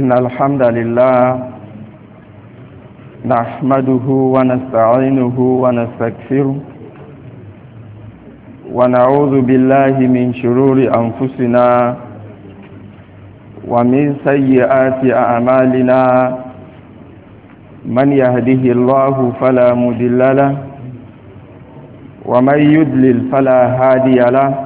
إن الحمد لله نحمده ونستعينه ونستكفره ونعوذ بالله من شرور أنفسنا ومن سيئات أعمالنا من يهده الله فلا مدل له ومن يدلل فلا هادي له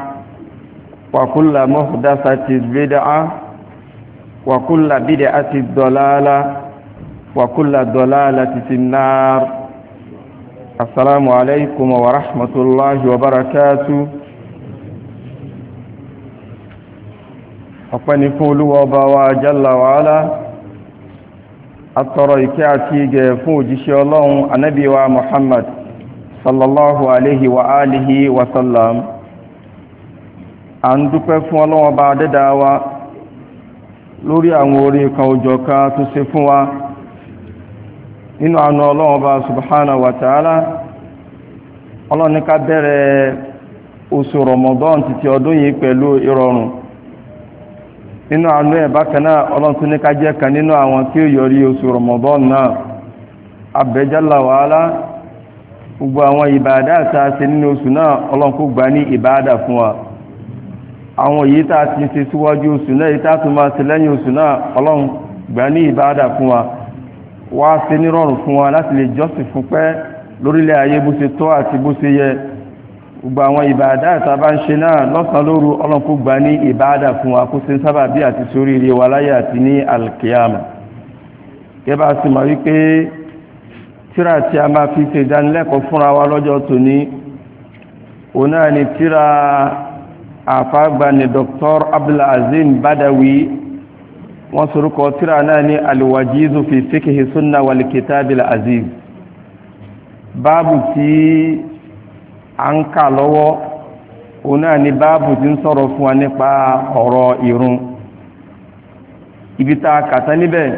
وكل محدثة بدعة وكل بدعة ضلالة وكل ضلالة في النار السلام عليكم ورحمة الله وبركاته ọ̀pẹ́ni fún olúwa ọba wa jalla wa ala atọrọ ìkẹ́ àti ìgẹ̀ fún òjíṣẹ́ ọlọ́run anábíwa muhammad sallallahu alaihi wa alihi wa sallam a ń dúpẹ́ fún ọlọ́wọ́n bá wa lórí àwọn orí kan òjò kan tó fún wa nínú àánú ọlọ́wọ́n bá subhanahu wa ta'ala ọlọ́ni ká bẹ̀rẹ̀ oṣù Ramadan títí ọdún yìí pẹ̀lú ìrọ̀rùn nínú àánú ẹ̀ bákan náà ọlọ́run nínú àwọn tí ó yọrí oṣù Ramadan náà abẹ́jálà wàhálà gbogbo àwọn ìbàdà nínú fún wa. àwọn èyí tá a ti ṣe síwájú oṣù náà èyí tá a tún máa ṣe lẹ́yìn oṣù náà ọlọ́run gbà ní ìbáadà fún wa wá ṣe nírọ̀rùn fún wa láti lè jọ́sìn fún pẹ́ lórílẹ̀ ayé bó ṣe tọ́ àti bó ṣe yẹ gbogbo àwọn ìbáadà tá a bá ń ṣe náà lọ́sàn-án lóru ọlọ́run kó gbà ní ìbáadà fún wa kó ṣe ń sábà bí àti sórí ire wa láyé àti ní alkiyama kẹ́bà sì mọ̀ wípé tíra tí a máa fi ṣe ìdánilẹ́kọ̀ọ́ fúnra wa lọ́jọ́ tòní òun náà ni tíra àfáàgbà ni dr abdulazim badawi wọ́n sorúkọ tíra náà ní alwajizu fi fikihi sunna wal kitabil aziz báàbù tí a ń kà lọ́wọ́ o náà ni báàbù tí ń sọ̀rọ̀ fún wa nípa ọ̀rọ̀ ìrun ibi ta kàtà níbẹ̀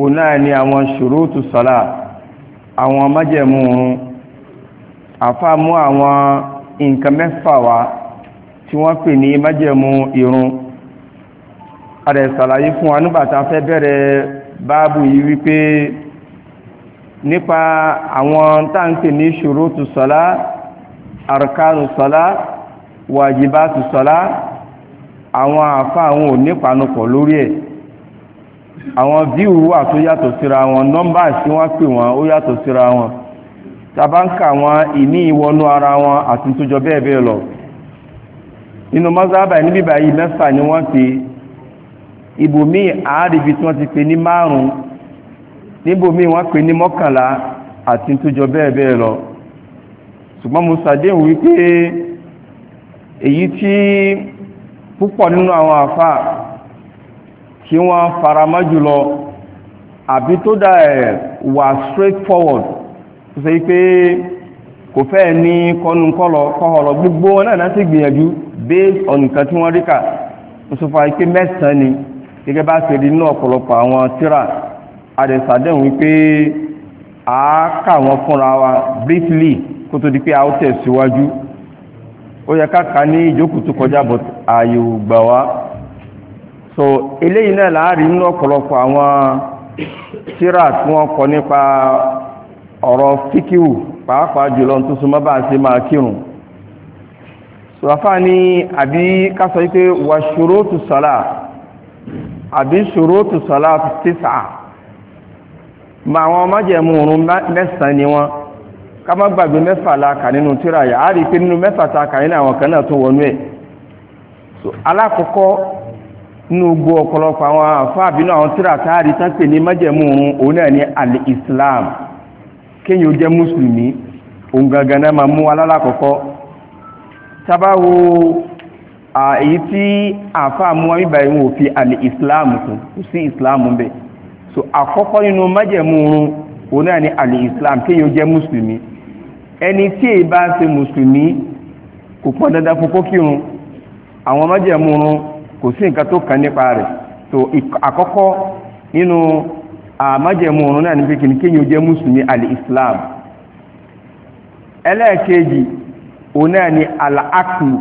o náà ni àwọn ṣurutu sọ́lá àwọn májẹ̀mú oorun àwọn nǹkan mẹ́fà wa tí wọ́n pè ní májẹ̀mú irun adẹ̀ ṣàlàyé fún wa nígbà tá a fẹ́ bẹ̀rẹ̀ báàbù yìí wípé nípa àwọn táǹkì ní ṣurutu sọ́lá arkanu sọ́lá wàjibátù sọ́lá àwọn àfá àwọn onípanupọ̀ lórí ẹ̀ àwọn víù wà tó yàtọ̀ síra wọn nọ́mbà sí wọ́n pè wọ́n ó yàtọ̀ síra wọn tàbáǹkà wọn ìní ìwọnú ara wọn àti tó jọ bẹ́ẹ̀ bẹ́ẹ̀ lọ nínú mọ́sáàbà níbí báyìí mẹ́fà ni wọ́n fi ibòmí àádìbí tí wọ́n ti pè ní márùn-ún níbòmí wọ́n pè ní mọ́kànlá àti tójọ bẹ́ẹ̀ bẹ́ẹ̀ lọ ṣùgbọ́n mo ṣàdéhùn wípé èyí tí púpọ̀ nínú àwọn àfà kí wọ́n faramọ́ jùlọ àbí tó dá ẹ̀ wà straightforward tó sẹ́ pé kò fẹ́ ní kọnu kọ́họ̀lọ̀ gbogbo wọn náà láti gbìyànjú based on nǹkan tí wọ́n rí kà mùsùlùmí ike mẹ́sàn-án ni gẹ́gẹ́ bá ṣe rí nínú ọ̀pọ̀lọpọ̀ àwọn tíra àdẹ̀sàdẹ̀hùn wípé a kà wọ́n fúnra wa briefly kó tó di pé a ó tẹ̀síwájú ó yẹ káàkà ní ìjókòó tó kọjá but ààyè gbà wá so eléyìí náà láàrin nínú ọ̀pọ̀lọpọ̀ àwọn tíra tí wọ́n kọ nípa ọ̀rọ̀ fíkíwù pàápàá jùlọ tó súnmọ́ bá ṣe máa kírun sọ̀rọ̀fà ní àbí kásọ wípé wà ṣòrótù sọ́lá àbí ṣòrótù sọ́lá títà ma wọn májẹ̀mú oorun mẹ́sàn-án ni wọ́n ká má gbàgbé mẹ́fà la kà nínú tíra yà á rí pé nínú mẹ́fà ta kà nínú àwọn kan náà tó wọnú ẹ̀ alákọ̀ọ́kọ́ nínú gbogbo ọ̀pọ̀lọpọ̀ àwọn àfáà bínú àwọn tíra tá a rí tán pè ní májẹ̀mú oorun òun náà ní al-Islam kéyìn ó jẹ́ mùsùlùmí òun gangan náà máa mú alálàkọ́kọ́ tabawo èyí tí àfáà mú wáyé báyìí wọn fi àlè ìsìláàmù kù kò sí ìsìláàmù bẹ so àkọ́kọ́ nínú májẹ̀mú oorun òun náà ni àlè ìsìláàmù kéyìn ó jẹ́ mùsùlùmí ẹni tí èyí bá ṣe mùsùlùmí kò pọn dandan fún kókírun àwọn májẹ̀mú oorun kò sí nǹkan tó kàn nípa rẹ̀ so àkọ́kọ́ nínú àmájẹ̀mú ọ̀run náà ní pé kìí kéyìn jẹ́ mùsùlùmí al-islam ẹlẹ́ẹ̀kejì òun náà ni al-aklu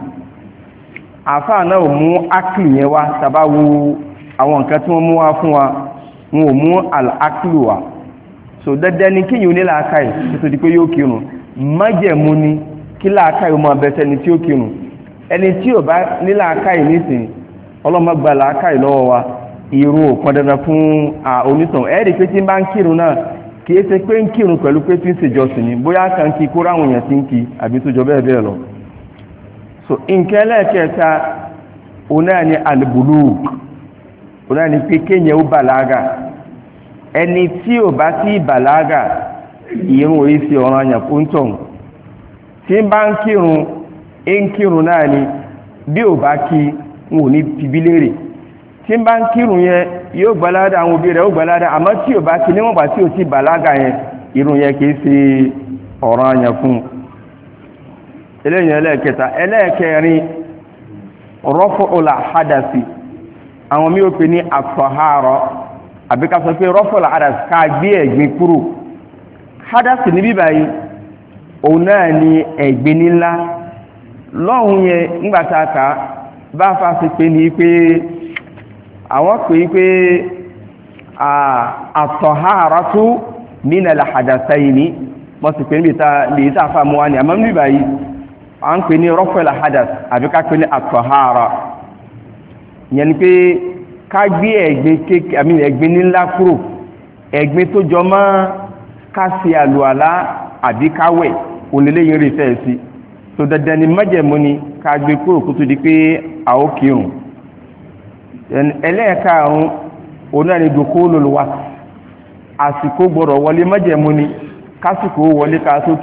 àfáà náà mú aklu yẹn wá tàbá wo àwọn nǹkan tí wọ́n mú wá fún wa wọn ò mú al-aklu wá so dandan ni kéyìn onílà akáì tó di pé yóò kírun májẹ̀mú ni kí làákàì ni tí ó kírun ẹni tí ò wa irú òpọn dandan fún onítàn ẹ̀rí pé tí bá ń kírun náà kì í ṣe pé ń kírun pẹ̀lú pé tí ń ṣèjọsìn ni bóyá kan kí kó ráwọn èèyàn ti ń kí àbí tó jọ bẹ́ẹ̀ bẹ́ẹ̀ lọ so nǹkan ẹlẹ́ẹ̀kẹta òun náà ni alìbùlùk òun náà ni pé kéèyàn ó bàlágà ẹni tí ò bá sí bàlágà ìrun orí sí ọ̀ràn àyàn fún tọ̀hún tí bá ń kírun ń kírun náà ni bí ò bá kí wọn ò ní fi bí léèrè tí ń bá ń kírun yẹn yóò gbalada àwọn òbí rẹ̀ ó gbalada àmọ́ tí ò bá ti níwọ̀n bá tí ti bàlágà yẹn irun yẹn kìí ọ̀rọ̀ ọ̀ranyàn fún un eléyìn ẹlẹ́ẹ̀kẹta ẹlẹ́ẹ̀kẹrin rọ́fọ́ hadasi àwọn mi ò pè ní àtọ̀hárọ̀ àbí ká sọ pé rọ́fọ́ hadasi ká gbé ẹ̀gbin kúrò hadasi níbí báyìí òun náà ni ẹ̀gbin nílá lọ́hùn yẹn bá a fa ní pé. àwọn pè é pé àtọ̀hárátú mínàlá àdàsá yìí ni wọ́n sì pè níbi lèyí tá mú wa ni àmọ́ níbi báyìí à ń pè ní rọ́fẹ̀lá àdàs àbí pè ní àtọ̀hárá ìyẹn ni pé ká gbé ẹ̀gbin kéèké àmì ẹ̀gbin nílá kúrò ẹ̀gbin tó jọ mọ́ ká ṣe àlùwàlá àbí òlélẹ́yìn rí fẹ́ẹ̀ sí so dandan ni májẹ̀mú ni ká gbé kúrò kó tó di pé a ó ẹlẹ́ẹ̀kaàrún òun náà ni dukhulul waqt àsìkò gbọ́dọ̀ wọlé májẹ̀mú ni kásìkò wọlé ká tó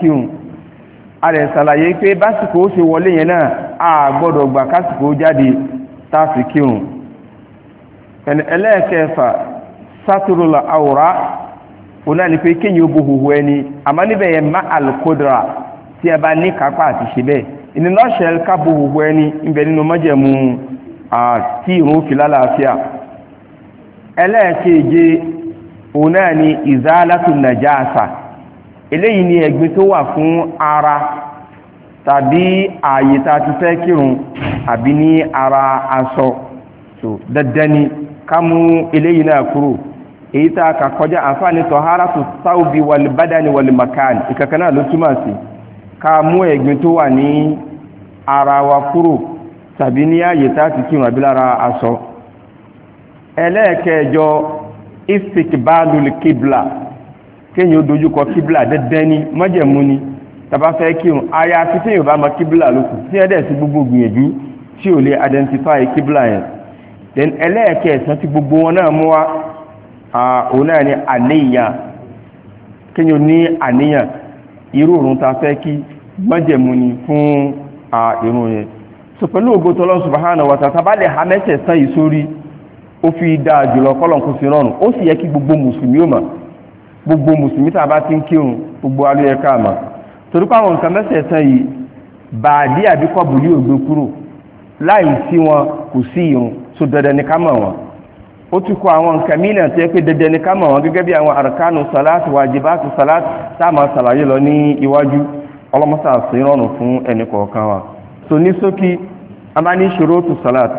a lè ṣàlàyé pé básìkò ó ṣe wọlé yẹn náà a gbọ́dọ̀ gbà kásìkò jáde táàfi kírun ẹlẹ́ẹ̀kẹfà sátúrùlà àwòrán òun náà ni pé kéyìn ó bo hùhù ẹni àmọ́ níbẹ̀ yẹn má alkodra tí ẹ bá ní kápá àti bẹ́ẹ̀ ìnìlọ́ṣẹ̀ ká bo ẹni ń bẹ nínú àti ìrun fi lálàáfíà ẹlẹ́ẹ̀keje òun náà ni ìzálátù nàjáàsà eléyìí ni ẹ̀gbin tó wà fún ara tàbí ààyè tá a ti fẹ́ kírun àbí ní ara aṣọ so dandan ni ká mú eléyìí náà kúrò èyí tá a kà kọjá àǹfààní tọ̀hárátù sáúbi wàlìbádàní wàlìmàkàn ìkankan náà ló túmọ̀ sí ká mú ẹ̀gbin tó wà ní ara wa kúrò tàbí ní ààyè táti kírun àbí lára aṣọ ẹlẹ́ẹ̀kẹjọ istikbalul kibla kéèyàn ó dojúkọ kibla dẹ́dẹ́ ní májẹ̀mú ni tàbá fẹ́ kírun aya àti tí yorùbá mọ kibla ló tí ẹ̀dẹ̀ sí gbogbo gbìyànjú tí ò lè identify kibla yẹn then ẹlẹ́ẹ̀kẹsàn tí gbogbo wọn náà mú wa òun náà ni àníyàn kéèyàn ní àníyàn irú òrùn ta fẹ́ kí májẹ̀mú ni fún irun yẹn so pẹ̀lú ògo tọ́lọ́ subhanahu wa ta'ala bá lè ha mẹ́sẹ̀sán yìí sórí ó fi dáa jùlọ kọ́lọ̀ kò fi rọrùn ó sì yẹ kí gbogbo mùsùlùmí ó mà gbogbo mùsùlùmí tá a bá ti ń kírun gbogbo alóyẹ káàmà torí pàwọn nǹkan mẹ́sẹ̀sán yìí bàdí àbí kọ́bùlì ògbé kúrò láì sí wọn kò sí irun so dandan ni ká mọ̀ wọn ó ti kọ àwọn nǹkan mí náà tó yẹ pé dandan ni ká mọ̀ wọn gẹ́gẹ́ bí àwọn arkanu salatu wajibatu salatu tá a máa ṣàlàyé lọ ní iwájú ọlọ́mọsàsìn rọrùn fún ẹnì kọ̀ọ̀kan wa so ní sókí a máa ní ṣurutu salat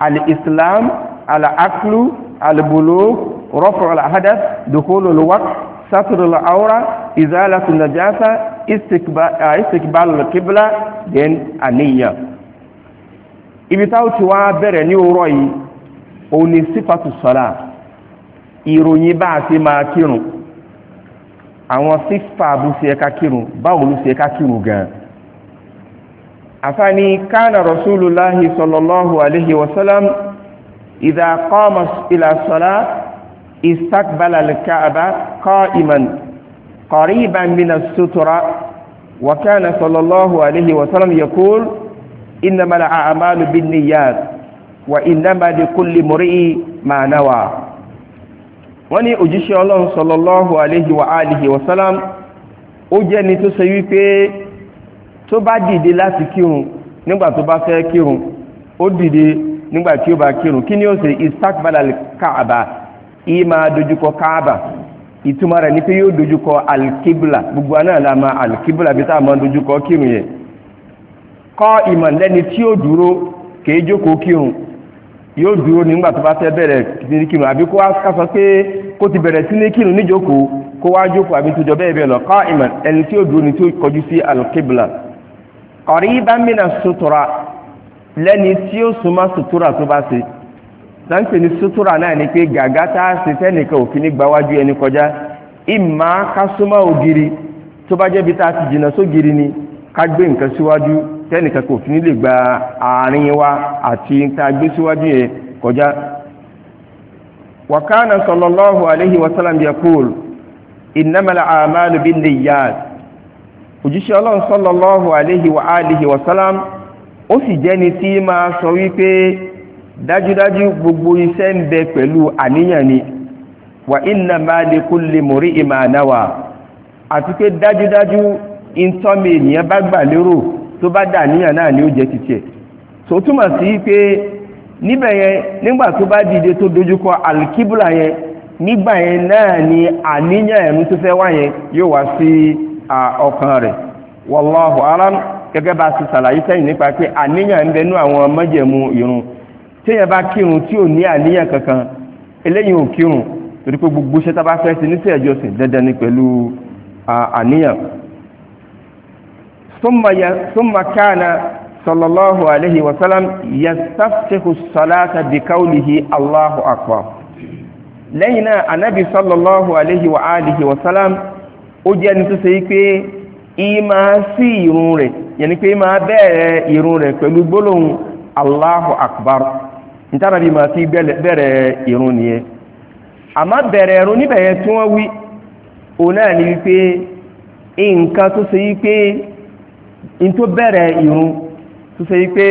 al-islam al-aklu al-bulugh rafu al-hadath dukhulu al-waqt satru al-awra izalatu najasa istikbal al-qibla then aniya ibi táwọn ti wá bẹ̀rẹ̀ ní òwúrọ̀ yìí òun ni sífàtù salat ìròyìn bá a ti máa kírun àwọn sífà bú sí ẹka kírun báwo ló sí ẹka kírun gan-an afani kana rasulullahi sallallahu alaihi wasallam idha qama ila salat istaqbala al-ka'ba qa'iman qariban min as-sutra wa kana sallallahu alaihi wasallam yaqul innama al-a'malu binniyat wa innama likulli imri'in ma nawa wani òjíṣẹ́ Ọlọ́hun sallallahu alaihi wa alihi wasallam ó jẹ́ ni tó ṣe wípé tó bá dìde láti kírun nígbà tó bá fẹ́ kírun ó dìde nígbà tí ó bá kírun kí ni ó ṣe istakbala kaaba ìyí máa dojúkọ kaaba ìtumọ̀ rẹ̀ ni pé yóò dojúkọ alkibla gbogbo náà la máa alkibla bí tá a máa dojúkọ kírun yẹn kọ́ ìmọ̀ lẹ́ni tí ó dúró kìí jókòó kírun yóò dúró nígbà tó bá fẹ́ bẹ̀rẹ̀ ní kírun àbí kó wá kásọ pé kó ti bẹ̀rẹ̀ sí ní kírun níjókòó kó wá jókòó àbí tó jọ bẹ́ẹ̀ bẹ́ẹ̀ lọ kọ́ ìmọ̀ ẹni tí ó dúró ni tí ó kọjú sí alkibla qariban mina sutura lẹ́ni tí ó súnmọ́ sutura tó bá ṣe sáńpẹ̀ ní sutura náà ni pé gàgá tá a ṣe tẹ́nìkan òfin ní gbáwájú ẹni kọjá ìmá ká súnmọ́ ògiri tó bá jẹ́bi tá a ti jìnnà sógiri ni ká gbé nǹkan síwájú tẹ́nìkan kò fi ní lè gba àárín wa àti tá a gbé síwájú yẹn kọjá wakana sallallahu alaihi wasallam yaqul innamal a'malu bin niyyat òjíṣẹ́ ọlọ́run sallallahu aléhi wa alihi wasalam ó sì jẹ́ni tí máa sọ wípé dájúdájú gbogbo iṣẹ́ ń bẹ pẹ̀lú àníyàn ni wa innama li kulli muri'in ma nawa àti pé dájúdájú ìntọ́mì ènìyàn bá gbà lérò tó bá dà níyàn náà ni ó jẹ́ títẹ̀ tó túmọ̀ sí pé níbẹ̀ yẹn nígbà tó bá dìde tó dojúkọ alkibula yẹn nígbà yẹn náà ni àníyàn ẹ̀rú tó fẹ́ wá yẹn yóò wá sí ọkàn rẹ̀ wallahu alam gẹ́gẹ́ bá ti sàlàyé sẹ́yìn nípa pé àníyàn ń bẹnú àwọn májẹ̀mú ìrun téèyàn bá kírun tí ò ní àníyàn kankan eléyìí ò kírun torí pé gbogbo iṣẹ́ tá a bá fẹ́ ṣe níṣẹ́ dandan ni pẹ̀lú àníyàn. ثم كان صلى الله عليه وسلم يستفتح الصلاة بقوله الله أكبر lẹ́yìn náà anábì sallallahu alayhi wa alihi wa ó jẹ́ ẹni tó ṣe pé ìmá sí ìrun rẹ̀ yẹni pé ìmá bẹ̀rẹ̀ ìrun rẹ̀ pẹ̀lú Allahu Akbar nítorí bí máa bẹ̀rẹ̀ ìrun nìyẹn àmọ́ bẹ̀rẹ̀ ìrun níbẹ̀ tí wọ́n wí náà ni wípé nǹkan tó ṣe wípé n tó bẹ̀rẹ̀ ìrun tó ṣe wípé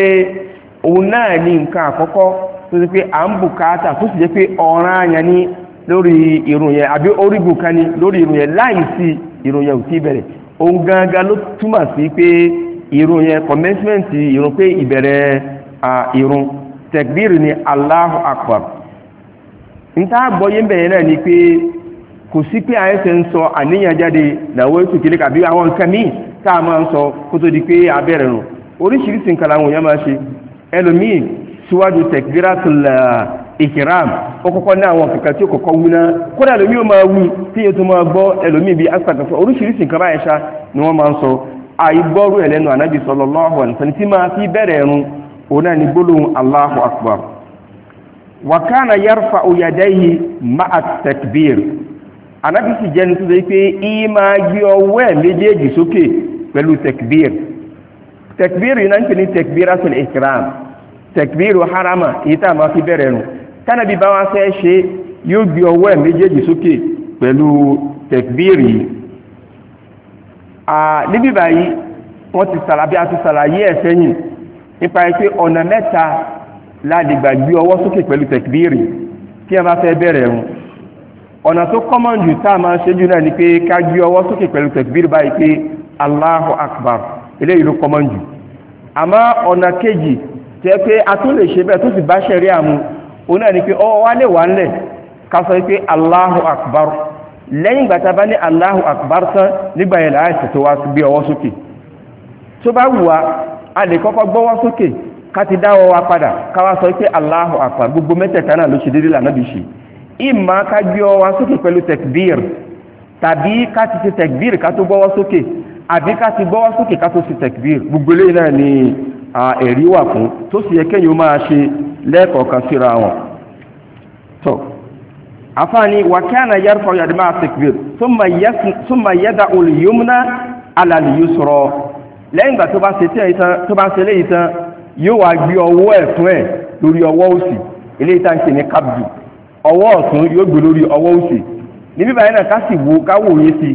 náà ni nǹkan àkọ́kọ́ tó ṣe pé à ń lórí ìròyìn yẹn àbí orígun kan ni lórí ìròyìn láìsí ìròyìn yẹn ò ohun gangan ló túmọ̀ sí pé ìròyìn commencement irun pé ìbẹ̀rẹ̀ irun tẹ̀gbìrì ni Allahu Akbar níta gbọ́yé ń bẹ̀rẹ̀ náà ni pé kò sí pé àyẹ̀sẹ̀ ń sọ àníyàn jáde làwọn kàbí àwọn nǹkan míì tá a sọ kó tó di pé abẹ́rẹ̀ rùn oríṣiríṣi nǹkan làwọn máa ṣe ẹlòmíì síwájú ìkìrám ó kọ́kọ́ ní àwọn kẹ̀kẹ́ tí ó kọ́kọ́ wú náà kódà lómi ó máa wú tí yóò tó máa gbọ́ ẹlòmí bíi asàkàfọ́ oríṣiríṣi nǹkan báyìí ṣá ni wọ́n máa ń sọ àìgbọ́rú ẹ̀ lẹ́nu ànábì sallallahu alaihi wasallam tí máa fi bẹ̀rẹ̀ ẹ̀rùn òun náà ni gbólóhùn Allahu akbar wa kana yarfa'u yadayhi ma'a takbir ànábì sì ń pè ní takbiratul ihram takbiru harama èyí tá fi bẹ̀rẹ̀ ẹ̀rùn tánàbí bá wá fẹ́ ṣe yóò gbé ọwọ́ ẹ̀ méjèèjì sókè pẹ̀lú tẹ̀kbírì níbí báyìí wọ́n ti sàlàbí àti sàlàyé ẹ̀ sẹ́yìn nípa pé ọ̀nà mẹ́ta ládìgbà gbé ọwọ́ sókè pẹ̀lú tẹ̀kbírì tí a bá fẹ́ bẹ̀rẹ̀ ẹ̀rùn ọ̀nà tó kọ́mọ̀n jù tá a máa ṣe jù náà ni pé ká gbé ọwọ́ sókè pẹ̀lú tẹ̀kbírì báyìí pé Allahu Akbar eléyìí ló kọ́mọ̀n jù àmọ́ ọ̀nà kejì tẹ́ pé a tún lè ṣe bẹ́ẹ̀ tó sì bá ṣẹ̀rí àmú òun náà ni pé ọwọ́ wa lè wà ńlẹ̀ ká sọ pé Allahu Akbar lẹ́yìn ìgbà bá ní Allahu Akbar tán nígbà yẹn láà ṣètò wa gbé ọwọ́ sókè tó bá wù wá a lè kọ́kọ́ gbọ́wọ́ sókè ká ti dáwọ́ wa padà ká wá sọ pé Allahu Akbar gbogbo mẹ́tẹ̀ẹ̀ta náà ló ṣe déédéé lànà bí ṣe ìmọ̀ ká gbé ọwọ́ wa sókè pẹ̀lú tẹ̀kbír tàbí ká ti ṣe tẹ̀kbír ká tó gbọ́wọ́ sókè àbí ká ti gbọ́wọ́ sókè ká tó ṣe tẹ̀kbír gbogbo eléyìí náà ni ẹ̀rí wà fún tó sì yẹ kẹ́yìn ó máa ṣe lẹ́ẹ̀kọ̀ọ̀kan síra wọn tó afáàní wàkíánà yàrá fọyà dìbò àsìkbìr súnmà yẹ́dà olùyọ́mùnà alàlìyó sọ̀rọ̀ lẹ́yìn ìgbà tó bá ń ṣe léyìí tán yóò wá gbé ọwọ́ ẹ̀tún ẹ̀ lórí ọwọ́ òsì eléyìí tá ń ṣe ní kábdù ọwọ́ ọ̀tún yóò gbé lórí ọwọ́ òsì níbí báyìí náà ká sì wo káwò yé sí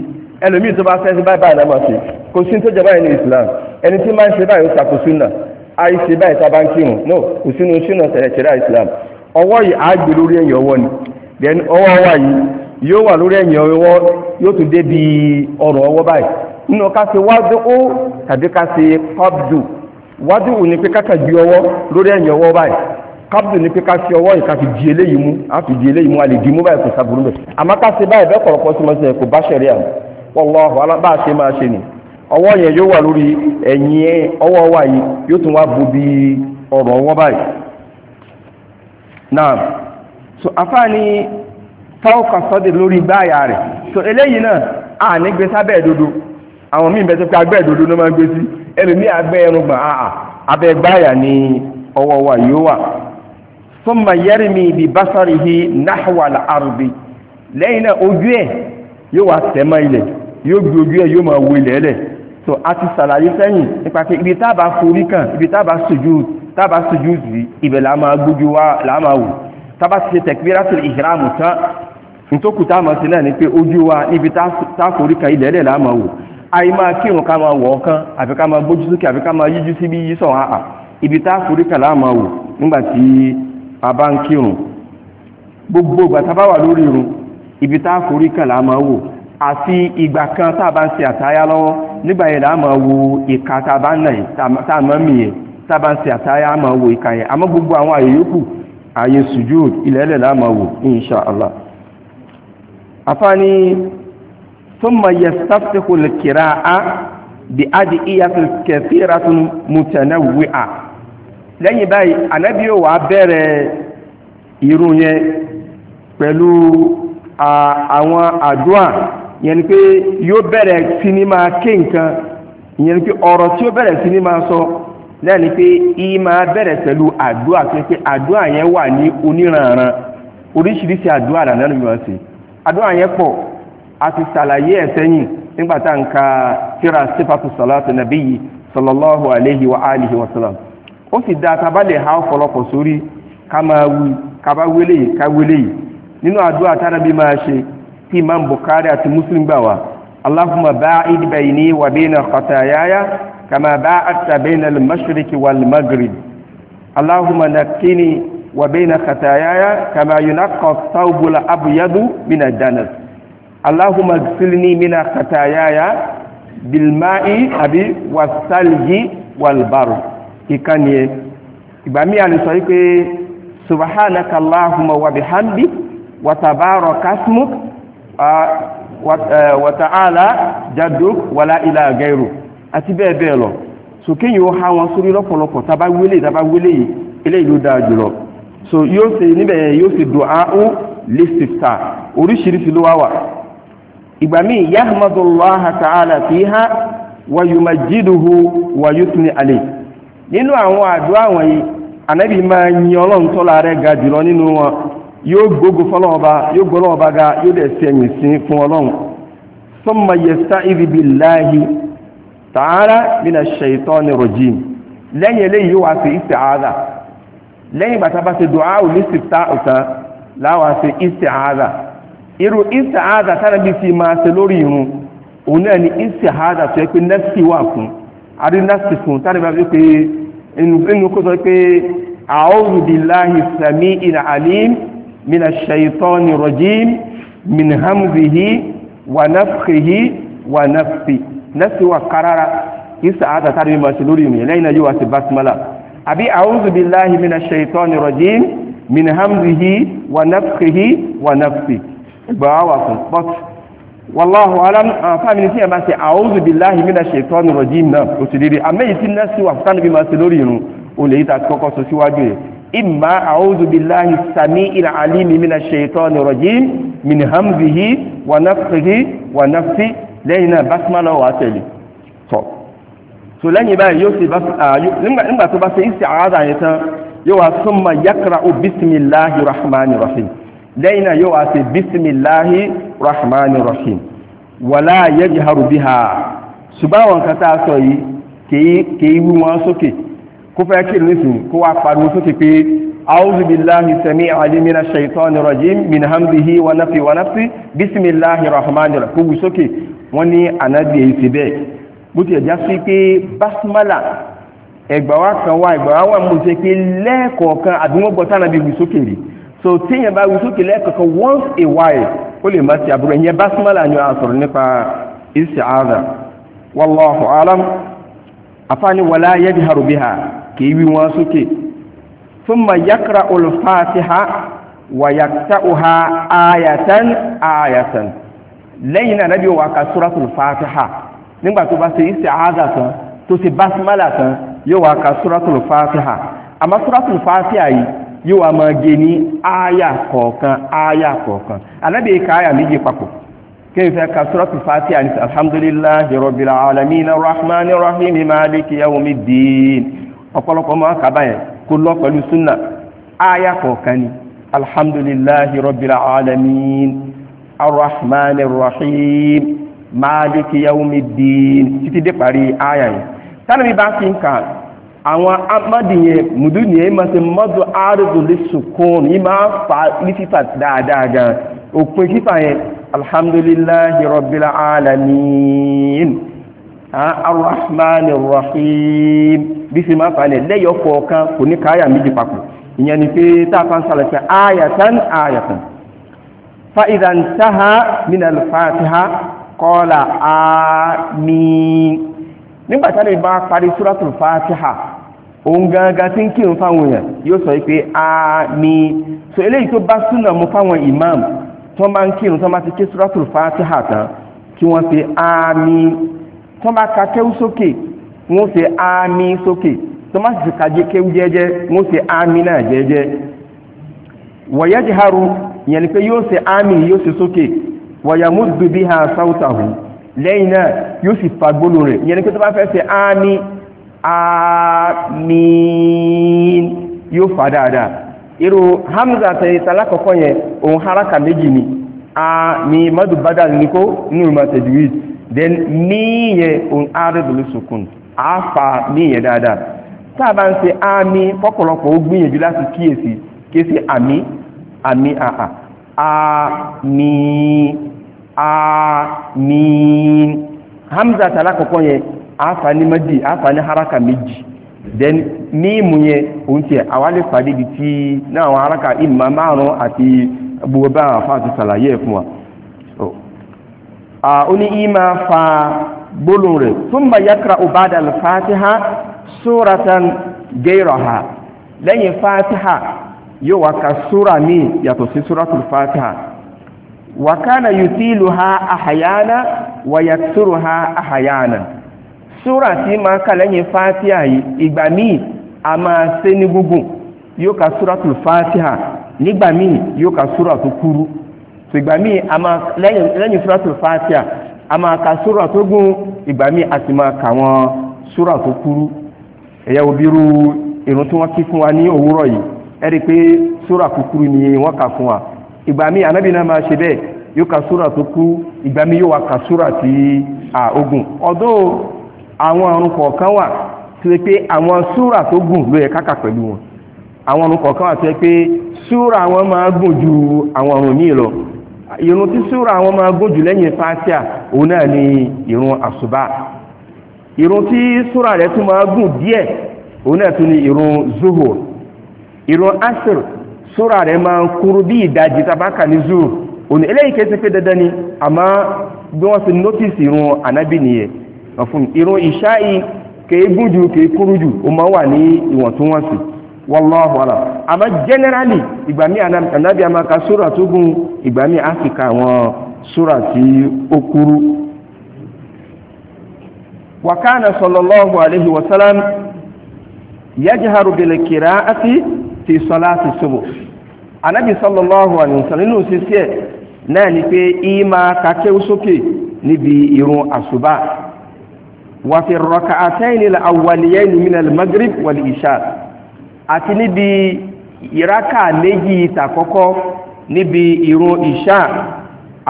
ẹlòmíì tó bá fẹ́ sí báyìí báyìí náà máa ṣe kò sí tó jẹ báyìí ní Islam ẹni tí máa ń ṣe báyìí ó ṣàkóso náà àìsè báyìí sábà ń kírun no kò sínú sínú ṣẹ̀ṣẹ̀rẹ̀ islam ọwọ́ yìí á lórí ẹ̀yìn ọwọ́ ni then ọwọ́ wa yìí yóò wà lórí ẹ̀yìn ọwọ́ yóò tún dé bí ọrùn ọwọ́ báyìí nínú ní pé ká ọwọ́ lórí ẹ̀yìn di eléyìí mú di eléyìí mú a lè di mú báyìí kò ọwọ́ yẹn yóò wà lórí ẹ̀yìn ọwọ́ wà yìí yóò tún wá bú bí ọ̀rọ̀ ọwọ́ báyìí náà so afá ní táwọ̀kà sọ́dẹ̀ lórí gbáyà rẹ̀ so eléyìí náà a ní gbé sábẹ́ ìdodo àwọn míì bẹ́ẹ̀ tó ló máa ń gbé sí ẹlòmí ni ọwọ́ wà yóò wà basarihi lẹ́yìn náà ojú ẹ̀ yóò ilẹ̀ yóò gbé ojú ẹ̀ yóò máa ilẹ̀ so a ti sàlàyé sẹ́yìn nípa pé ibi tábà forí kàn ibi tábà sojú tábà sojú sí ibẹ̀ là máa gbójú wá là máa wò tábà ti ṣe tẹ̀kbírátul ìhìrámù tán nítòkù tá a máa ṣe náà ni pé ojú wa níbi tá forí kàn ilẹ̀ ẹ̀dẹ̀ là máa wò àyè máa kírun ká máa wọ̀ ọ̀kan àfi ká máa gbójú sókè àfi ká máa yíjú sí bí yíṣọ̀ àà ibi tá forí kàn là wò nígbà tí a bá ń kírun gbogbo ìgbà tá wà lórí irun ibi tá forí kàn là wò àfi ìgbà kan tá a bá ń ṣe àtáyá lọ́wọ́ nígbà yẹn là á máa wo ìka tá a bá ń nà yìí tá a máa mì yẹn tá a bá ń ṣe àtáyá á máa wo ìka yẹn àmọ́ gbogbo àwọn àyè yòókù àyè sùjúd ilẹ̀ẹ́lẹ̀ là á máa wò insha allah. àfáàní thumma yastaftihu al-qira'a bi adi'iyatin kathiratin mutanawwi'a lẹ́yìn báyìí ànábì yóò wá bẹ̀rẹ̀ irun yẹn pẹ̀lú àwọn àdúrà ìyẹn ni pé yóò bẹ̀rẹ̀ sí ni máa ké nǹkan ìyẹn pé ọ̀rọ̀ tí ó bẹ̀rẹ̀ sí máa sọ náà ni pé ìyí máa bẹ̀rẹ̀ pẹ̀lú àdúrà pé àdúrà yẹn wà ní oníranran oríṣiríṣi àdúrà là náà yóò ṣe àdúrà yẹn pọ̀ a ti ṣàlàyé ẹ̀ sẹ́yìn nígbà tá à ń ka sífàtú alayhi wa alihi wa sallam ó sì dáa tá bá lè ha ọ̀pọ̀lọpọ̀ sórí ká máa wí ká bá wélé yìí ká wélé yìí nínú àdúrà máa ṣe tí imam bukhari àti muslim gbà wá allahumma ba'id bayni wa bayna khatayaya kama ba'adta bayna al-mashriqi wal maghrib allahumma naqqini wa bayna khatayaya kama yunaqqa ath-thawbu al-abyadu min ad-danas allahumma ighsilni min khatayaya bil ma'i abi was-salji wal barr ikaniye ibami aliso yi pé subhanakallahumma wa bihamdik wa tabarakasmuk E, wa ta'ala jadduk wala ilaha ghayru àti bẹ́ẹ̀ bẹ́ẹ̀ lọ so kéyìn ó há wọn sórí lọ́pọ̀lọpọ̀ tàbá wílé tàbá wílé yìí eléyìí ló dáa jùlọ so yóò ṣe níbẹ̀ yóò ṣe du'a listifta oríṣiríṣi ló wá wà ìgbà míì yahmadullaha ta'ala fiha wa yumajjiduhu wa yusni alayhi nínú àwọn àdúrà wọ̀nyí ànábì máa yin ọlọ́run tọ́lá rẹ̀ ga jùlọ nínú wọn yóò gbógo fọlọ́ọ̀ba yóò gbọ́lọ́ọ̀ba ga yóò dẹ̀ sí ẹ̀yìn sí fún ọlọ́run summa yasta'idhu billahi ta'ala minash shaitani rajim lẹ́yìn eléyìí yóò wá sí isti'adha lẹ́yìn bàtà bá ṣe dùá ò ní sìta ọ̀tán láwàá ṣe isti'adha irú isti'adha tára bí ti máa ṣe lórí irun òun náà ni isti'adha tó yẹ pé nẹ́ẹ̀sì wà fún àrí nẹ́ẹ̀sì fún tára bá fi pé inú kó sọ pé a'udhu billahi as-sami'il 'alim من الشيطان الرجيم من همزه ونفخه ونفثه نفسه وقرارة يسعى تتعلم المسلول يمي لين جوا بسملة أبي أعوذ بالله من الشيطان الرجيم من همزه ونفخه ونفثه بواوة بط والله أعلم فمن سيما أعوذ بالله من الشيطان الرجيم نعم أسلوري أما يتنسي وفتان بمسلول يمي وليتا كوكو سوى جوه إما a'udhu بالله sami'il alimi mina shaytani rajim min hamzihi wa nafsihi wa nafsi lẹ́yìn náà basmala wà tẹ̀lé tọ̀ so lẹ́yìn báyìí yóò ṣe nígbà tó bá ṣe isti'aza yẹn tán yóò wá summa yaqra'u bisimilahi rahmani rahim lẹ́yìn náà yóò wá ṣe bisimilahi rahmani rahim wala yajharu biha ṣùgbọ́n àwọn kan tá a sọ yìí kì í wí wọn sókè kó fẹ́ kí lóṣù kó wá pariwo sókè pé أعوذ بالله السميع العليم من الشيطان الرجيم من همزه ونفي ونفسه بسم الله الرحمن الرحيم kó wí sókè wọ́n ní ànábì èyí ti bẹ́ẹ̀ bó ti ẹ̀já sí pé basmala ẹgbàwá kan wá ẹgbàwá wà mú sí pé lẹ́ẹ̀kọ̀ọ̀kan àbí gbọ́ tánàbí wí sókè rí so téèyàn bá wí sókè lẹ́ẹ̀kọ̀ọ̀kan once a while ó lè má ti àbúrò ẹ̀yẹn basmala ni a sọ̀rọ̀ nípa isti'adha wallahu alam afáàní wala yajharu biha kìí wí wọn sókè thumma yaqra'ul fatiha wa yaqta'uha ayatan ayatan lẹ́yìn náà nábì wà ká suratul fatiha nígbà tó bá ṣe isti'aza tán tó ṣe basmala tán yóò wà ká suratul fatiha àmọ́ suratul fatiha yìí yóò wà máa gé ní aya kọ̀ọ̀kan aya kọ̀ọ̀kan anábì ká aya méjì papọ̀ كيف كثرة الفاتحة الحمد لله رب العالمين الرحمن الرحيم مالك يوم الدين ọ̀pọ̀lọpọ̀ máa ń kaba yẹn kó lọ pẹ̀lú súnà aya kọ̀ọ̀kan ni alhamdulilahi rabbil alamin arrahman arrahim maliki yawmiddin títí dé parí aya yẹn tánàbí bá fi ń kà àwọn amádìyẹn mùdú nìyẹn máa ṣe mọ́dù àrùn lè sùkún yìí máa fa ní fífà dáadáa gan òpin fífà yẹn alhamdulilahi rabbil alamin arrahman rahim bí sì máa falẹ̀ lẹ́yọ̀ kọ̀ọ̀kan kò ní káyà méjì papọ̀ ìyẹn ni pé tá a fa ń sàlẹ̀ sí ayatan ayatan fa idha intaha min al-fatiha qala àmín nígbà tí a lè bá parí suratul fatiha òun gangan tí ń kírun fáwọn èèyàn yóò sọ pé àmín so eléyìí tó bá súnà mu fáwọn imam tó máa ń kírun tó máa ti ké suratul fatiha tán kí wọ́n fi àmín tó bá ka kéwú sókè wọ́n ṣe àmì sókè tó bá sì ka jẹ́ kéwú jẹ́jẹ́ wọ́n ṣe àmì náà jẹ́jẹ́ wọ̀yẹ́jìharu yẹn ni pé yóò ṣe àmì yóò ṣe sókè wọ̀yàmú dùbí ha sáwùtàhù lẹ́yìn náà yóò sì fa gbólóhùn rẹ̀ yẹn ni pé tó bá fẹ́ ṣe àmì àmì yóò fa dáadáa irú hamza tẹ̀yẹ sálákọ̀ọ́kọ́ yẹn òun haraka méjì ni àmì madu badal ní kó ní ìmọ̀ tẹ̀júwìtì then mí yẹn òun àrẹ́dùlù sùkùn àáfà mí yẹn dáadáa tá a bá ń ṣe àmì pọ́pọ̀lọpọ̀ ó gbìyànjú láti kíyèsí ami, àmì àmì àà àmì àmì hamza tàlákọ̀ọ́kọ́ yẹn àáfà ní méjì àáfà ní haraka méjì then mímu yẹn òun tiẹ̀ àwa lè pàdé ibi tí náà àwọn haraka ìmọ̀ márùn-ún àti gbogbo bá àwọn afáàtú ṣàlàyé ẹ̀ fún wa. Ah, uni ima fa bulure thumma yakra'u ba'da al-fatiha suratan ghayraha lẹ́yìn fatiha yuwaka sura ni súra míì yàtọ̀ sí suratul fatiha wa kana yutiluha ahyana wa yaksuruha ahyana sura ti ma kala ni fatiha yìí ìgbà míì a máa ṣe ní gúngùn suratul fatiha nígbà míì yuka ka súra ìgbà míì a máa lẹ́yìn suratul Fatiha a máa ka sura tó gùn ìgbà míì a sì máa kà wọn sura tó kúrú ẹ̀yà obìrú ìrun tí wọ́n kí fún wa ní òwúrọ̀ yìí ẹ̀rí pé sura kúkúrú ni wọ́n kà fún wa ìgbà míì anábì náà máa ṣe bẹ́ẹ̀ yóò ka sura tó kú ìgbà míì yóò wá ka sura tí a ogun ọ̀dọ́ àwọn ọ̀run kọ̀ọ̀kan wà tó yẹ pé àwọn sura tó gùn ló yẹ káka pẹ̀lú wọn àwọn ọ̀run kọ̀ọ̀kan wà tó yẹ pé sura wọn máa gùn ju àwọn ọ̀run míì lọ ìrun tí súra àwọn máa gójù lẹ́yìn fátíà òun náà ni ìrun àṣùbà ìrun tí súra rẹ̀ tún máa gùn díẹ̀ òun náà tún ni ìrun zuhur ìrun asir súra rẹ̀ máa ń kúrú bí ìdajì tabaka ní zuhur òun eléyìí kẹsí pé dandan ni àmọ́ bí wọ́n ti notice ìrun ànábì nìyẹn wọ́n ìṣáì kèé gùn jù kèé kúrú jù ó máa wà ní ìwọ̀ntúnwọ̀nsì wallahu alam àmọ́ generally ìgbà míì ànábì àmà ka sóra tó gùn ìgbà míì áfíríkà àwọn sóra tí ó kúrú. wa kana sallallahu alayhi wa sallam yajharu bil qira'ati fi salati subuh ànábì sallallahu alayhi wa sallam nínú sísí ẹ̀ náà ni pé ìmà kakẹ́ sókè níbi irun àṣùbà wa fi raka'atayn al-awwaliyayn min al-maghrib wal-isha àti níbi ìrákà méjì ìtàkọ́kọ́ níbi ìrun ìṣá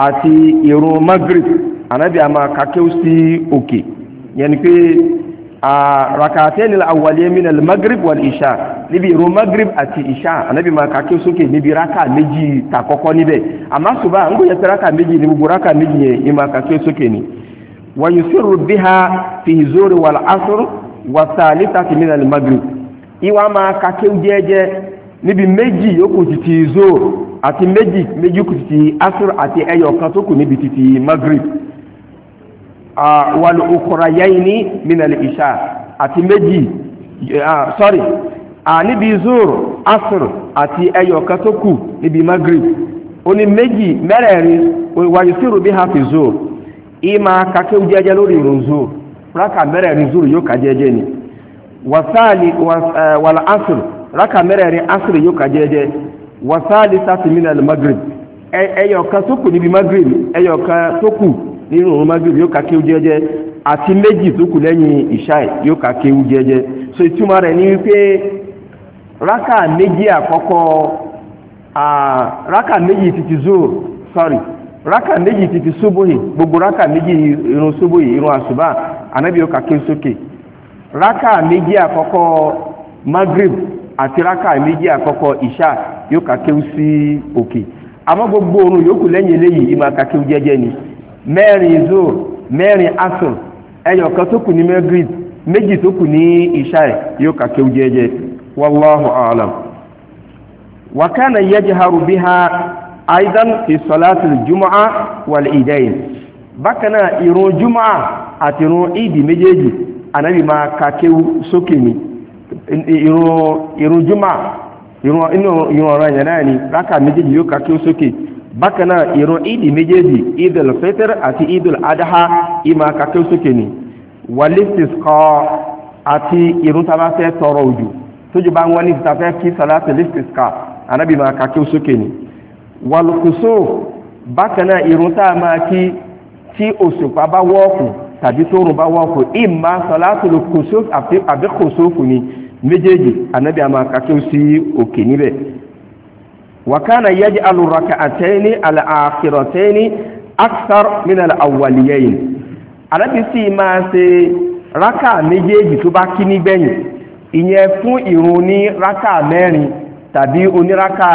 àti ìrun magrib anábì àmà kàkéw sí òkè yẹn ni pé rakatẹ́ni àwàlẹ́ minal magrib wal ìṣá níbi ìrun magrib àti ìṣá anábì àmà kàkéw sókè níbi rákà méjì ìtàkọ́kọ́ níbẹ̀ àmà ṣùgbọ́n à ń gbọ́yẹ̀ sí rákà méjì ní gbogbo rákà méjì yẹn ìmà kàkéw sókè ni wàyùsírù bíhà fi zórí wal asr wàtàlítà minal magrib ìwà máa kakéw jẹ́ẹ́jẹ́ níbi méjì yòókù títí zoro àti méjì méjì yòókù títí asr àti ẹyọ kan tó kù níbi títí magrib wàlú okòrò yẹ́yìní mìnàlẹ̀ ìṣá àti méjì sorry níbi zoro asr àti ẹyọ kan tó kù níbi magrib ó ní méjì mẹ́rẹ̀ẹ̀rin wàyí sírò bí hafi zoro ìmà kakéw jẹ́ẹ́jẹ́ lórí ìrùn zoro rákà mẹ́rẹ̀ẹ̀rin zoro yóò kà jẹ́ẹ́jẹ́ ni wasali eh, wal asr raka mẹ́rẹ̀ẹ̀rin asr yóò ka jẹ́jẹ́ wasali sati min al maghrib ẹyọ kan tó kù níbi maghrib ẹyọ kan tó kù nínú òun maghrib yóò ka kéwú jẹ́jẹ́ àti méjì tó kù lẹ́yìn ìṣáì ka kéwú jẹ́jẹ́ so ìtumọ̀ rẹ̀ ni wípé raka méjì àkọ́kọ́ raka méjì títí zuhr sorry raka méjì títí subuhi gbogbo raka méjì irun subuhi irun àsùbá ànábì yóò ka kéwú sókè. So raka méjì àkọ́kọ́ magrib àti raka méjì àkọ́kọ́ isha yóò kàkéwú sí òkè àmọ́ gbogbo oorun yòókù lẹ́yìn eléyìí ìmọ̀ kàkéwú jẹ́jẹ́ ni mẹ́rin zohr mẹ́rin asr ẹyọ̀kan tó kù ní magrib méjì tó kù ní isha yóò kàkéwú jẹ́jẹ́ wallahu a'lam wa kana yajharu biha aidan fi salati al-jumu'ah wal bákan náà ànábì máa ka kéwú sókè ni ìrun júmà ìrun ọ̀rọ̀ ẹ̀yàn náà ni rákà méjèèjì yóò ka kéwú sókè bákan náà ìrun idi méjèèjì idul fitr àti idul adaha ìmà ka kéwú sókè ni wàlísìs kọ́ àti ìrun tá a bá fẹ́ tọrọ òjò tójú bá ń wọ́n ìta fẹ́ kí sàlátì lísìs ká ànábì máa ka kéwú sókè ni wàlùkùsù bákan náà ìrun tá a máa kí tí òṣùpá bá wọ́ọ̀kù tàbí tó rùn bá wà fún ìmá sọlátùlù kùsùf àbí kùsùfù ni méjèèjì anábì àmà kàtó sí òkè níbẹ̀ wàkánà yẹ́jì alùrọ̀kà àtẹ́ni àlàáfìrọ̀tẹ́ni aksar min al-awwaliyayn anábì sì máa ṣe rákà méjèèjì tó bá kí nígbẹ̀yìn ìyẹn fún ìrun ní rákà mẹ́rin tàbí oníraka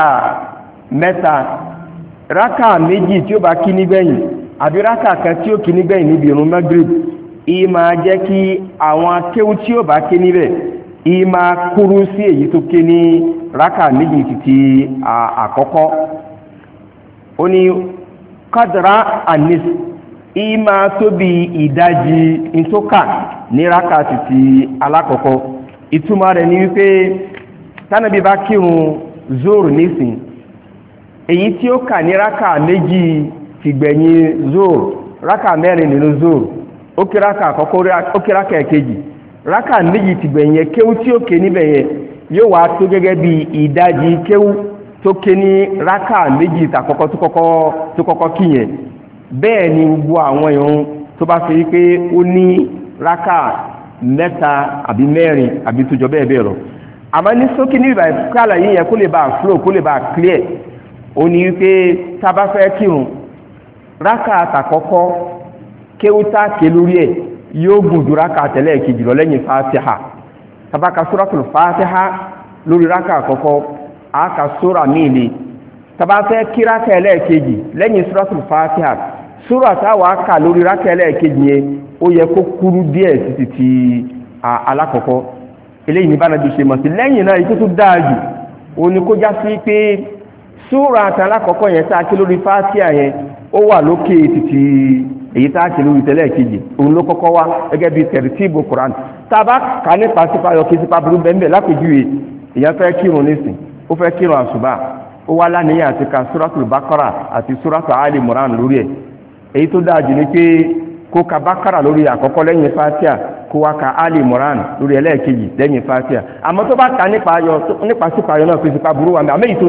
mẹ́ta rákà méjì tí ó bá kí nígbẹ̀yìn àbíràkà kan tí ó kì nígbẹ̀yìn níbi ìrún magrib ìyí máa jẹ́ kí àwọn akéwú tí ó bá ké níbẹ̀ ìyí máa kúrú sí èyí tó ké ní raka méjì títí àkọ́kọ́ ó ní kádàrá anis ìyí máa tóbi ìdajì ntókà ní raka títí alákọ̀ọ́kọ́ zoro nísìn èyí tí ó kà ní tìgbẹ̀yìn zoo raka mẹ́rin nínú zoo ó raka àkọ́kọ́ ó raka ẹ̀kejì méjì tìgbẹ̀yìn yẹn kéwú tí ó ké níbẹ̀ yẹn yóò wá tó gẹ́gẹ́ bí ìdajì kéwú tó ké ní méjì tàkọ́kọ́ tó kọ́kọ́ tó kọ́kọ́ bẹ́ẹ̀ ni gbogbo àwọn èèyàn tó bá ṣe wípé ó ní raka mẹ́ta àbí mẹ́rin àbí tó bẹ́ẹ̀ bẹ́ẹ̀ lọ àmọ́ ní sókè ní yìí yẹn kó lè bá flow lè bá clear ó ní wípé tá a bá raka àtàkọ́kọ́ kéwútà ké ẹ̀ yóò gùn ju rákà àtẹ̀lẹ́ lẹ́yìn tabaka sóràtù fàtíhà lórí raka àkọ́kọ́ àáka sóra míì tabafẹ́ kí rákà ẹlẹ́ẹ̀kejì lẹ́yìn sóràtù fàtíhà sóra táwa kà lórí rákà ẹlẹ́ẹ̀kejì yẹn ó yẹ kó kúrú díẹ̀ títí ti alákọ̀ọ́kọ́ eléyìí ní bá nàbí mọ̀ sí lẹ́yìn náà ikú tó dáa jù súra àtàlà kọ̀ọ̀kan yẹn tá a ké lórí yẹn ó wà lókè títí èyí tá a ké lórí tẹ́lẹ̀ kejì òun ló kọ́kọ́ wá gẹ́gẹ́ koran tábà kà yọ kí burú bẹ́ẹ̀ lápèjúwe èyàn fẹ́ kírun ka súratul bakara àti ali moran lórí èyí tó dáa jù pé kó ka bákàrà lórí àkọ́kọ́ lẹ́yìn kó wá ka ali moran lórí ẹlẹ́ẹ̀kejì lẹ́yìn àmọ́ tó bá ka nípa sípa yọ náà kí sípa burú wà mí tó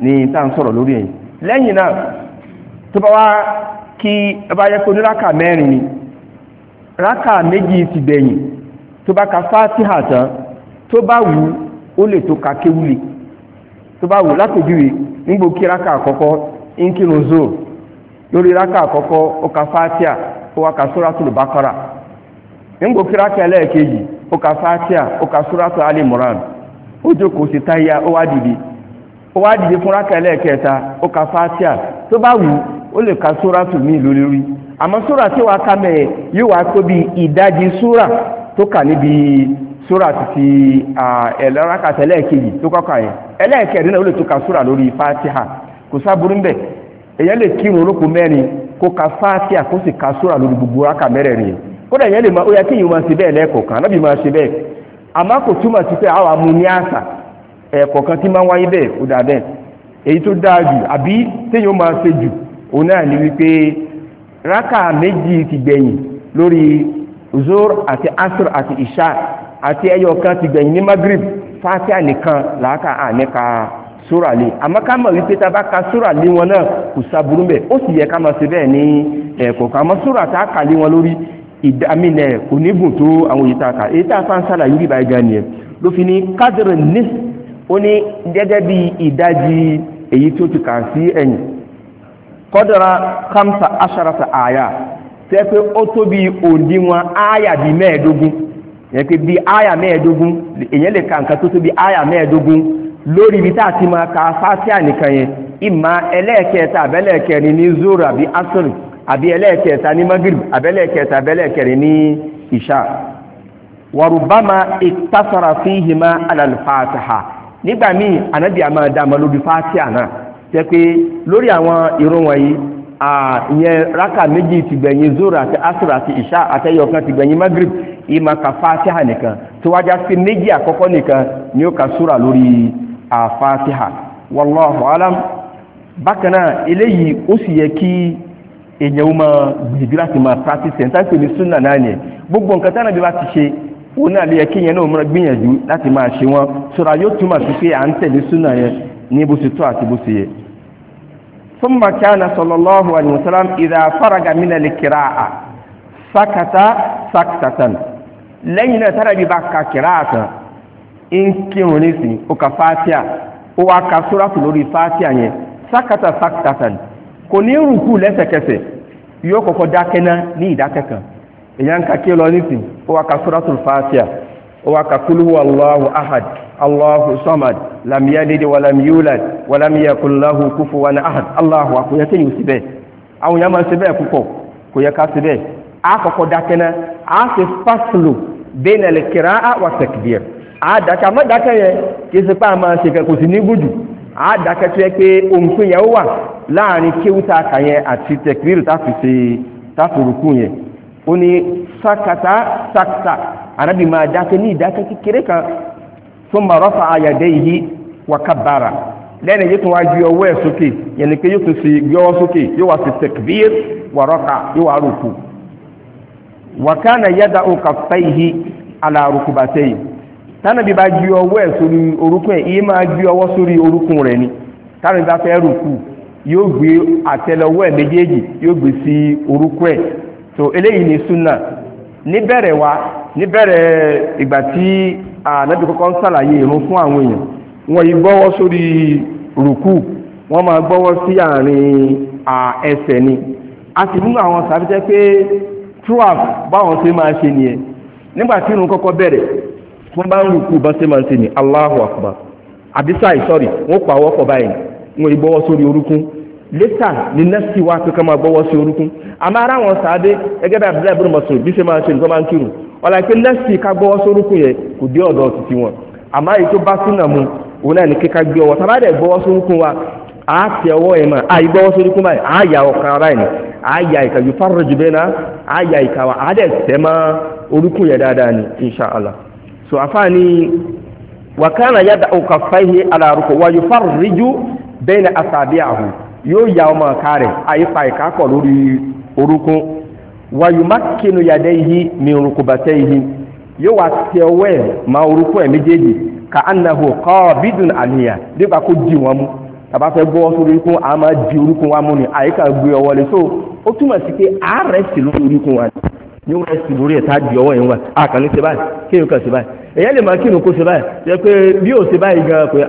n'i tá n sọ̀rọ̀ lórí ẹ̀yìn lẹ́yìn náà tó bá wá kí ọba yẹ kó ní mẹ́rin ni rákà méjì ti gbẹ̀yìn tó bá ka fátíhà tán tó bá wù ó lè tó ka kéwúlé tó bá wù látòjúwe nígbò kí rákà àkọ́kọ́ ń zoo lórí àkọ́kọ́ ó ka fátíhà ó wá ka bákọ́rà nígbò kí ẹlẹ́ẹ̀kejì ó ka ka alimoran ó jókòó sí táyà ó wá dìde fún rákà ẹlẹ́ẹ̀kẹta ó ka fátíà tó bá wù ó lè ka sóra tù mí lórí àmọ́ sóra tí wàá ká mẹ́ẹ̀ yóò wá tó bí ìdajì sóra tó kà níbi sóra títí ẹ̀lẹ́rákà ẹlẹ́ẹ̀kejì tó kọ́kà yẹn ẹlẹ́ẹ̀kẹrin náà ó lè tó ka sóra lórí fátíà kò sáburú mbẹ̀ èyàn lè kírun olóko mẹ́rin kó ka fátíà kó sì ka sóra lórí gbogbo rákà mẹ́rẹ̀ẹ̀rin kódà èyàn lè máa ó yẹ kí ẹ̀kọ́ kan tí máa ń wáyé bẹ́ẹ̀ ó dà bẹ́ẹ̀ èyí tó dáa jù àbí téèyàn ó máa ṣe jù òun náà ni wípé rákà méjì ti gbẹ̀yìn lórí zor àti asr àti isha àti ẹyọ kan ti gbẹ̀yìn ní magrib fatia nìkan làákà àníkà sóra lé àmọ́ ká mọ̀ wípé tá a bá ka sóra lé wọn náà kò sábúrú bẹ́ẹ̀ ó sì yẹ ká máa ṣe bẹ́ẹ̀ ní ẹ̀kọ́ àmọ́ sóra kà lé wọn lórí ìdámínẹ̀ kò ní gùn tó àwọn èyí tá èyí tá sálà yìí báyìí gan nìyẹn ló fi ní kádìrín nísì ó ní gẹ́gẹ́ bí ìdájí èyí tó ti kàn sí ẹ̀yìn kọ́dọ̀ra kamsa asharata àyà tẹ́ pé ó tóbi bí àyà bí mẹ́ẹ̀ẹ́dógún yẹn bí àyà mẹ́ẹ̀ẹ́dógún lè ka nǹkan tó tóbi àyà mẹ́ẹ̀ẹ́dógún lórí ibi tá a ti máa ka nìkan yẹn ẹlẹ́ẹ̀kẹta àbẹ́lẹ́ẹ̀kẹrin ní zoro àbí àbí ẹlẹ́ẹ̀kẹta ní magrib àbẹ́lẹ́ẹ̀kẹta àbẹ́lẹ́ẹ̀kẹrin ní fíhìmá nígbà míì ànábì àmọ́ dàmọ́ lórí fátíà náà jẹ́ pé lórí àwọn irun wọ̀nyí ìyẹn rákà méjì tìgbẹ̀yìn zoro àti asr àti isha àtẹ́yọ̀ kan tìgbẹ̀yìn magrib ìmọ̀ ka fátíà nìkan tó wájá sí méjì àkọ́kọ́ nìkan ni ó ka súra lórí fátíà wallahu alam bákan náà eléyìí ó sì yẹ kí èèyàn ó máa gbìyànjú láti máa practice ẹ̀ ní súnà náà nìyẹn gbogbo nǹkan tánàbí bá ti ṣe òun náà lè yẹ kí yẹn náà gbìyànjú láti máa ṣe wọn sọ̀rọ̀ àyó túmọ̀ sí pé à ń tẹ̀lé súnà yẹn ní bó ṣe tó àti bó ṣe yẹ. ثم كان صلى الله عليه وسلم إذا فرغ من القراءة سكت سكتة لين ترى ببكى قراءة إن كيرونيسي وكفاتيا وكسورة لوري فاتيا sakata سكتة kò ní rùkú lẹ́sẹ̀kẹsẹ̀ yóò kọ́kọ́ dákẹ́ ní kan èyàn ń ka kí lọ nísìn ó wá ka suratul fatiha ó wá ka kul huwa allahu ahad allahu samad lam yalid wa lam yulad wa lam yakul lahu na ahad allahu akbar yẹ kéyìn síbẹ̀ àwọn yẹn máa ń síbẹ̀ púpọ̀ kò yẹ ká síbẹ̀ á kọ́kọ́ dákẹ́ náà á sì fásilò bẹ́ẹ̀ lè kíra á wà takbir á dákẹ́ àmọ́ dákẹ́ yẹn kì í sì pa àmọ́ ṣe kẹ́ kò ní gùdù á dákẹ́ tó yẹ pé òǹkùn yẹn wà láàrin kéwù tá a kà yẹn àti takbir tá a fi ṣe tá a fi rùkú yẹn ó ní sakata sakta anabi máa dákẹ́ ní ìdákẹ́ kékeré kan thumma rafa'a yadayhi wa kabbara lẹ́nu yóò tún wá gbé ọwọ́ ẹ̀ sókè yi pé yóò tún sí gbé ọwọ́ sókè yóò wá sí wa yóò wá rúkú wa kana yada'u ala rukubatayhi tánàbí bá ọwọ́ ẹ̀ sórí orúkún ẹ̀ máa ọwọ́ ni bá fẹ́ rúkú yóò gbé ẹ̀ méjèèjì yóò gbé sí so eléyìí ni súnà níbẹ̀rẹ̀ wa níbẹ̀rẹ̀ ìgbà tí ànábì kọ́kọ́ ń sàlàyé ìrun fún àwọn èèyàn wọ́n yìí gbọ́wọ́ sórí rùkú wọ́n máa gbọ́wọ́ sí àárín ni a sì nínú àwọn sàbíjẹ́ pé truaf báwọn ṣe máa ṣe nìyẹn nígbà tí ìrun kọ́kọ́ bẹ̀rẹ̀ wọ́n bá ń rùkú bá ṣe máa Allahu wọ́n pàwọ́ pọ̀ báyìí wọ́n yìí lẹ́tàn ní nẹ́sì wá tó kama gbọ́wọ́ sí orúkún àmọ́ ara wọn sàádé ẹgẹ́ bí abdullahi ibn Mas'ud bí ṣe máa ṣe nǹkan máa ń kírun ọ̀la pé nẹ́sì ká gbọ́wọ́ sí orúkún yẹn kò dé ọ̀dọ̀ títí wọn àmọ́ èyí tó bá sínà mu òun náà ní kíka gbé ọwọ́ tàbá dẹ̀ gbọ́wọ́ sí orúkún wa à á tẹ ọwọ́ yẹn mọ́ à yí gbọ́wọ́ sí orúkún báyìí à á yà ọkàn ara yẹn à á yà ìkà yóò fárọ̀ jù bẹ́ẹ̀ wa à á dẹ̀ tẹ́ mọ́ orúkún yẹn dáadáa ni inshàlá so afani wàkàrà yàda òkà fáyé alárùkọ wàyò fárọ̀ ríjú bẹ́ẹ̀ ni yóò ya ọmọ ọ̀ka rẹ̀ àyípa ìkákọ̀ lórí orúkún wàyùmá kínú yàdé yìí mi orúkú yìí yóò wá tẹ ọwọ́ ẹ̀ ma orúkún ẹ̀ méjèèjì ka anahu kọ́ bídùn àníyà nípa kó di wọn mú tàbá fẹ́ gbọ́ sórí a máa di orúkún wa mú ni àyíká gbé ọwọ́ lé so ó túmọ̀ sí a lórí orúkún ni wọ́n lórí ẹ̀ tá a di ọwọ́ yẹn wa ṣe báyìí ṣe báyìí lè kó ṣe báyìí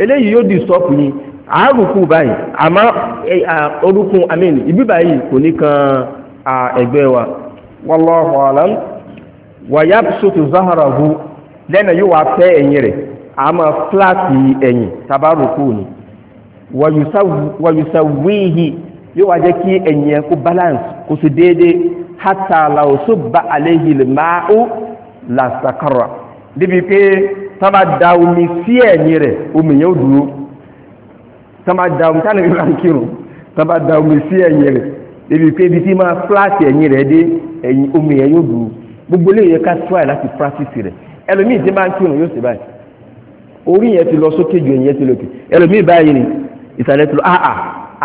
eléyìí yóò di sọ́ọ̀pù yìí àárùkù báyìí àmọ́ orúkún amín ibi báyìí kò ní kan ẹgbẹ́ wa wallahu alam wàyà sótù zaharahu lẹ́nà yóò wá fẹ́ ẹ̀yìn rẹ̀ àmọ́ fúláàtì ẹ̀yìn tabarùkù ni wàyùsàwíhì yóò wá jẹ́ kí ẹ̀yìn ẹ̀ kó balance kó sì déédéé hatta law subba alayhi al-ma'u la sakara débi pé tán bá da omi sí ẹ̀yìn rẹ̀ omi yẹn ó dúró tán bá da omi tánà ìlú àkírun tán bá da omi sí ẹ̀yìn rẹ̀ ebi pé ibi tí máa fúláṣì ẹ̀yìn rẹ̀ dé ẹ̀yìn omi yẹn yóò dúró gbogbo ilé yẹn ká tíwáì láti practice rẹ̀ ẹlòmíì tí máa ń kírun yóò sì báyìí orí yẹn ti lọ sókè ju ẹ̀yìn yẹn ti lókè ẹlòmíì báyìí ni ìsàlẹ̀ ti lọ àà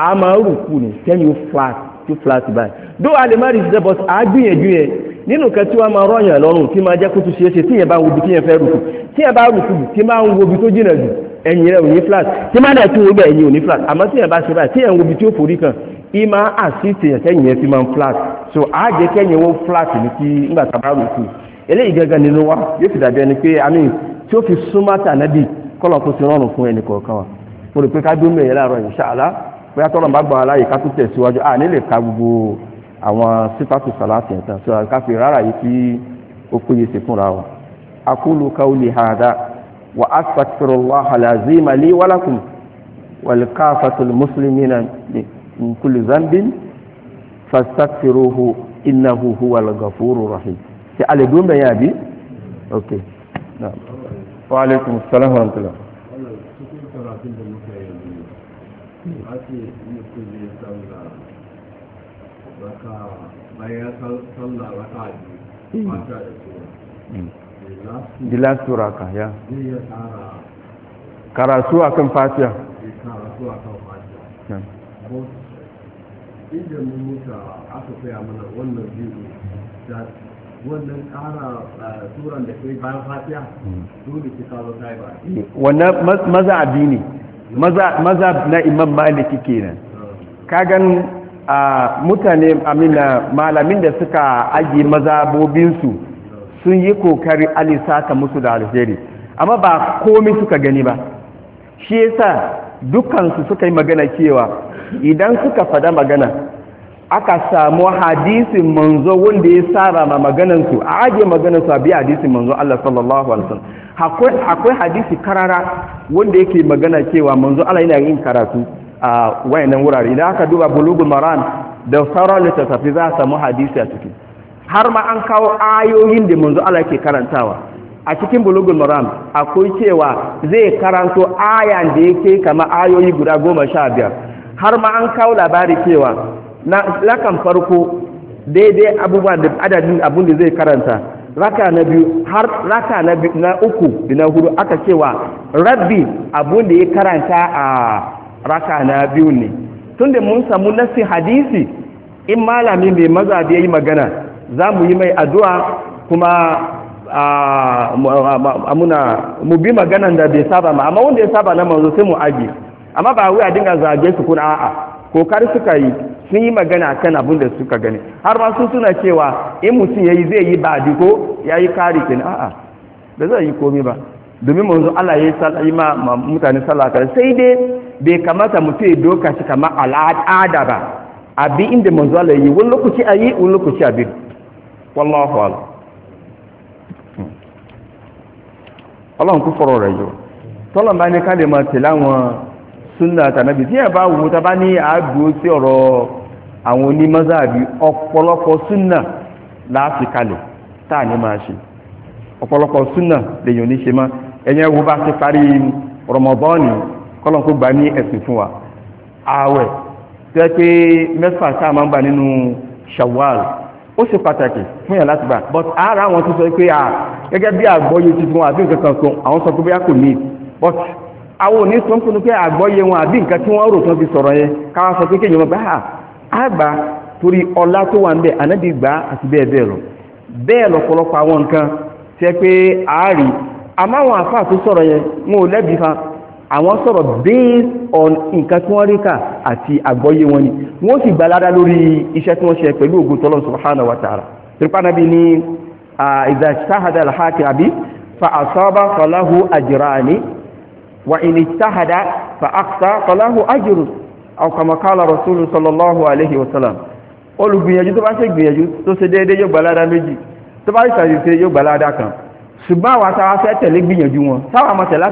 àmà rùkù ni sẹ́yìn ó flat tó flat báyìí dó àlè má rí ṣiṣẹ́ bọ́sì nínú kan tí wọ́n máa rọ́yàn lọ́rùn tí máa jẹ́ kó tún ṣeé ṣe tí yẹn bá wo ibi tí yẹn fẹ́ rùkù tí yẹn bá rùkù tí máa ń wo ibi tó jìnà jù ẹ̀yìn rẹ̀ ò ní flat tí máa dẹ̀ tún wo ẹ̀yìn ò flat àmọ́ tí yẹn bá ṣe báyìí tí yẹn wo tí ó forí kan í máa assist yẹn sẹ́yìn yẹn fi máa ń flat so á jẹ́ kẹ́yìn wo flat ní ti ńgbà tá a bá rùkù eléyìí gangan nínú wa yóò fi dàbí ẹni pé àmì tí ó fi súnmọ́tà nábì kọ́lọ̀ kó ti rọrùn fún ẹnì kọ̀ọ̀kan wa mo rò pé ká dúró mẹ́rin láàárọ̀ insha bóyá tọ́lọ̀ bá gbọ́ aláyè ká tún tẹ̀síwájú à nílè ka gbogbo àwọn sípàtù sàláàtì ẹ̀tàn tó àkáfì rárá yìí tí ó péye sí fúnra wa akúlù káwùlì hàdá wà á sàkìrò wà hàlàzí màlí wàlákùn wàlùká fatul mùsùlùmí na nkùlù zambin fàstàkìrò iná huhu wàlùgàfóró rahim ṣe àlè dùn bẹ̀yà bí ok wa alaikum salaam wa rahmatulah. Hmm. Hmm. the last sura ka ya karatu akan fatiha karatu akan fatiha inda mun muta aka koya mana wannan biyu da wannan kara turan da kai bayan fatiha hmm. dole ki kawo sai ba wannan mazhabi ne maza na imam maliki kenan ah. kagan a mutane amina uh, malamin da suka aji mazabobinsu sun yi kokari alisa ta musu da alheri amma ba komai suka gani ba shi yasa dukansu suka yi magana cewa idan suka fada magana aka samu hadisin manzo wanda ya saba ma maganansu a ajiye maganansu a biya hadisin manzo Allah sallallahu alaihi wasallam akwai hadisi karara wanda yake magana cewa manzo Allah yana yin karatu a wayannan wurare idan aka duba bulugul maran da sauran littattafai za a samu hadisi a ciki har ma an kawo ayoyin da manzo Allah ke karantawa a cikin bulugul maran, akwai cewa zai karanto ayan da yake kama ayoyi guda goma sha biyar har ma an kawo labari cewa na lakan farko daidai abubuwa da adadin abin da zai karanta raka na biyu har raka na, uku da na hudu aka cewa rabbi abun da ya karanta a raka na biyu ne tun da mun samu nasi hadisi in malami mai da ya yi magana za mu yi mai addu'a kuma muna mu bi maganan da bai saba ma amma wanda ya saba na manzo sai mu aji amma ba wuya a dinga zage su kun a'a kokari suka yi sun yi magana kan abin da suka gani har ba sun suna cewa in mutum ya yi zai yi ba ko ya yi kari kin a'a da zai yi komi ba domin manzo Allah ya yi ma mutane sallah sai dai bai kamata mutum ya doka shi kama al'ada ba abi inda manzo yi wani lokaci a yi wani lokaci a bi wallahu ala Allah ku fọ̀rọ̀ rẹ̀ yọ tọ́lọ̀ ka ní káàdì máa tẹ̀lé àwọn súnà tànàbí tí ẹ̀ bá wù tá bá si àádùú sí ọ̀rọ̀ àwọn onímọ́sàbí suna súnà láti kalẹ̀ táà ní máa ṣe ọ̀pọ̀lọpọ̀ súnà lèyìn oníṣe má ẹ̀yẹn wo bá ti parí kọ́lọ̀ kó gbà ní ẹ̀sìn fún wa ààwẹ̀ tẹ́ pé mẹ́fà sáà máa ń gbà nínú shawwal ó ṣe pàtàkì fún yàn láti gbà but ara àwọn tó sọ pé à gẹ́gẹ́ bí àgbọ́yé ti fún wa àbí nǹkan kan àwọn sọ pé bóyá kò ní but àwọn òní sọ ń pinnu pé àgbọ́yé wọn àbí nǹkan tí wọ́n rò tán fi sọ̀rọ̀ yẹn káwá sọ pé kéèyàn mọ̀ pé àgbà torí ọlá tó wà ń bẹ ànábì gbà àti bẹ́ẹ̀ bẹ́ẹ̀ lọ bẹ́ẹ̀ lọ́pọ̀lọpọ̀ àwọn nǹkan tẹ́ pé àárí àmáwọn àfáà tó sọ̀rọ̀ yẹn wọn ò lẹ́bi fa àwọn sọ̀rọ̀ based on nǹkan tí wọ́n rí kà àti àgbọ́yé wọn ni wọ́n sì gbalada lórí iṣẹ́ tí wọ́n ṣe pẹ̀lú ògùn tọ́lọ́ subhanahu wa ta'ala tìrìpánàbí ní idha ijtahada àbí fa asaba falahu ajrani wa in ijtahada fa akhta falahu ajru aw kama qala rasul sallallahu alayhi wa sallam olùgbìyànjú tó bá ṣe gbìyànjú tó ṣe déédé kan ṣùgbọ́n àwọn àtàwọn afẹ́ tẹ̀lé gbìyànjú wọn sáwọn àmọ́ tẹ̀lé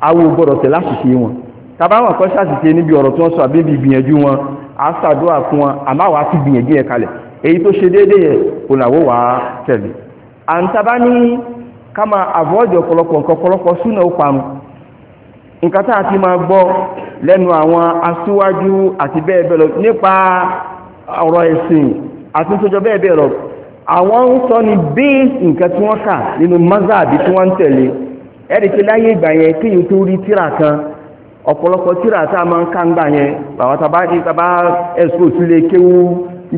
awo gbọ́dọ̀ tẹ̀ láṣìṣe wọn tàbáwọn kan ṣàṣìṣe níbi ọ̀rọ̀ tí wọ́n sọ àbí ìgbìyànjú wọn a ṣàdúrà fún wọn àmáwàá ti gbìyànjú yẹn kalẹ̀ èyí tó ṣe déédéé yẹn òlàwó wàá tẹ̀lé àǹtàbá ní ká máa àvọ́ọ̀dì ọ̀pọ̀lọpọ̀ nǹkan ọ̀pọ̀lọpọ̀ súnà ó parun nǹkan tá a ti máa gbọ́ lẹ́nu àwọn aṣíwájú àti bẹ́ẹ̀ bẹ́ẹ̀ lọ nípa ọ̀rọ̀ ẹ̀sìn àti tójọ bẹ́ẹ̀ bẹ́ẹ̀ lọ àwọn ń sọ ní bíi nǹkan tí wọ́n kà nínú mazà tí wọ́n ń tẹ̀lé ẹ̀rí pé láyé ìgbà yẹn kéyìn tó rí tíra kan ọ̀pọ̀lọpọ̀ tíra tá a máa ń ká ń gbà yẹn àwọn tàbá tàbá ẹ̀sùn òsúlé kéwú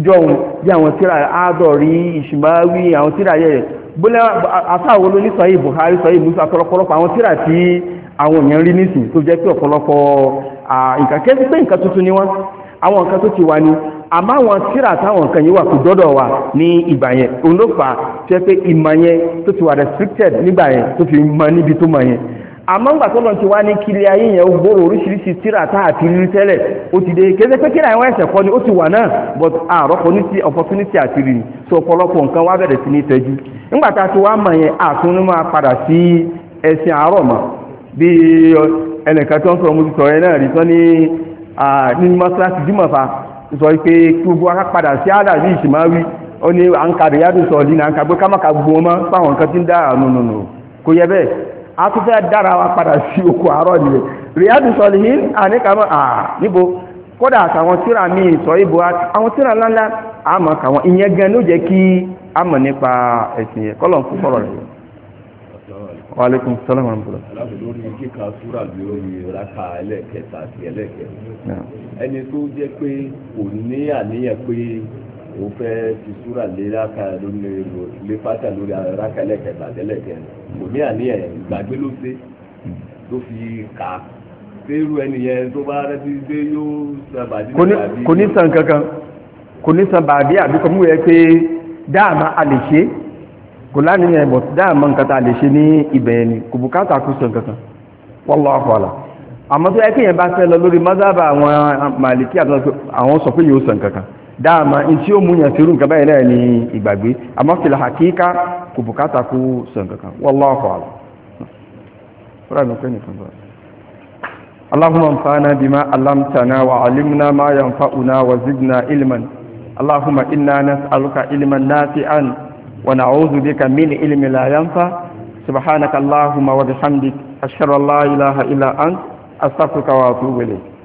jọun bí àwọn tíra àádọ́rí ìṣùmáwí àwọn tíra yẹn bólẹ́ àtàwọn olóníṣọ́ yìí Buhari sọ yìí Musa ọ̀pọ̀lọpọ̀ àwọn tíra tí àwọn èèyàn rí nísìn tó jẹ́ pé ọ̀pọ̀lọpọ̀ nǹkan kẹ́sí pé nǹkan tuntun ni wọ́n àwọn nǹkan tó ti wà ní àmọ́ àwọn tíra táwọn nǹkan yìí wà kò dọ́dọ̀ wa ní ìgbà yẹn òun ló fà á tí wọ́n pé ìmọ̀ yẹn tó ti wà restricted nígbà yẹn tó fi mọ níbi tó mọ yẹn àmọ́ ńgbà tó lọ ti wá ní kílé ayé yẹn ó gbòòrò oríṣiríṣi tíra tá àti rí tẹ́lẹ̀ ó ti dé kéde pé kíra àwọn ẹ̀sẹ̀ kọ́ ni ó ti wà náà but àrọ́pọ̀ ní ti opportunity àti rìn so ọ̀pọ̀lọpọ̀ nǹkan wá bẹ̀rẹ̀ sí ní tẹ́jú ńgbà tá a ti wá mọ̀ yẹn àtúnú máa padà sí ẹ̀sìn àárọ̀ mọ́ bí ẹnìkan tó ń sọ mo ti sọ yẹn náà rí tán ní ní mọ́sálásí jímọ̀ fa sọ pé gbogbo wa padà sí àdàbí ó ní à ń ka rìyádùn sọ̀lì náà kàgbé ká ka gbogbo ọmọ fáwọn nǹkan tí ń dára nù kò yẹ bẹ́ẹ̀ a tún fẹ́ dára wa padà sí oko àárọ̀ nìyẹn à níbo kódà àtàwọn tíra sọ àwọn tíra ńláńlá àmọ́ kàwọn ìyẹn gan ló jẹ́ kí nípa ẹ̀sìn yẹn kọ́lọ̀ ń wa aleykum salaam wa rahmatulah. lórí kíka súrà lórí raka ẹlẹ́kẹta àti ẹlẹ́kẹta ẹni tó jẹ́ pé kò ní àníyàn pé o fẹ́ ti súrà lé raka lórí lé fásitì lórí raka ẹlẹ́kẹta àti ẹlẹ́kẹta kò ní àníyàn ìgbàgbé ló ṣe tó fi kà á fẹ́rù ẹni yẹn tó bá rẹ́tí pé yóò sàbàdí. kò ní sàn kankan kò ní sàn bàdí àbíkọ́ mú yẹ pé dáàmà a lè ṣe é kò láàrin ẹ̀bọ̀ dáàmà nǹkan tàà lè ṣe ní ibẹ̀ ni kò bùkátà kú sọ nǹkan kan wallahu a'lam àmọ́ tó ẹkẹ́yẹn bá fẹ́ lọ lórí mazaba àwọn màlìkí àwọn sọ pé yóò sọ nǹkan kan dáàmà in tí ó múyàn sí irú nǹkan báyìí náà ni ìgbàgbé àmọ́ fìlà hakika kò bùkátà kú sọ nǹkan kan wallahu a'lam اللهم انفعنا بما علمتنا وعلمنا ما ينفعنا وزدنا علما اللهم إنا نسألك علما نافعا ونعوذ بك من علم لا ينفع سبحانك اللهم وبحمدك أشهد أن لا إله إلا أنت أستغفرك وأتوب إليك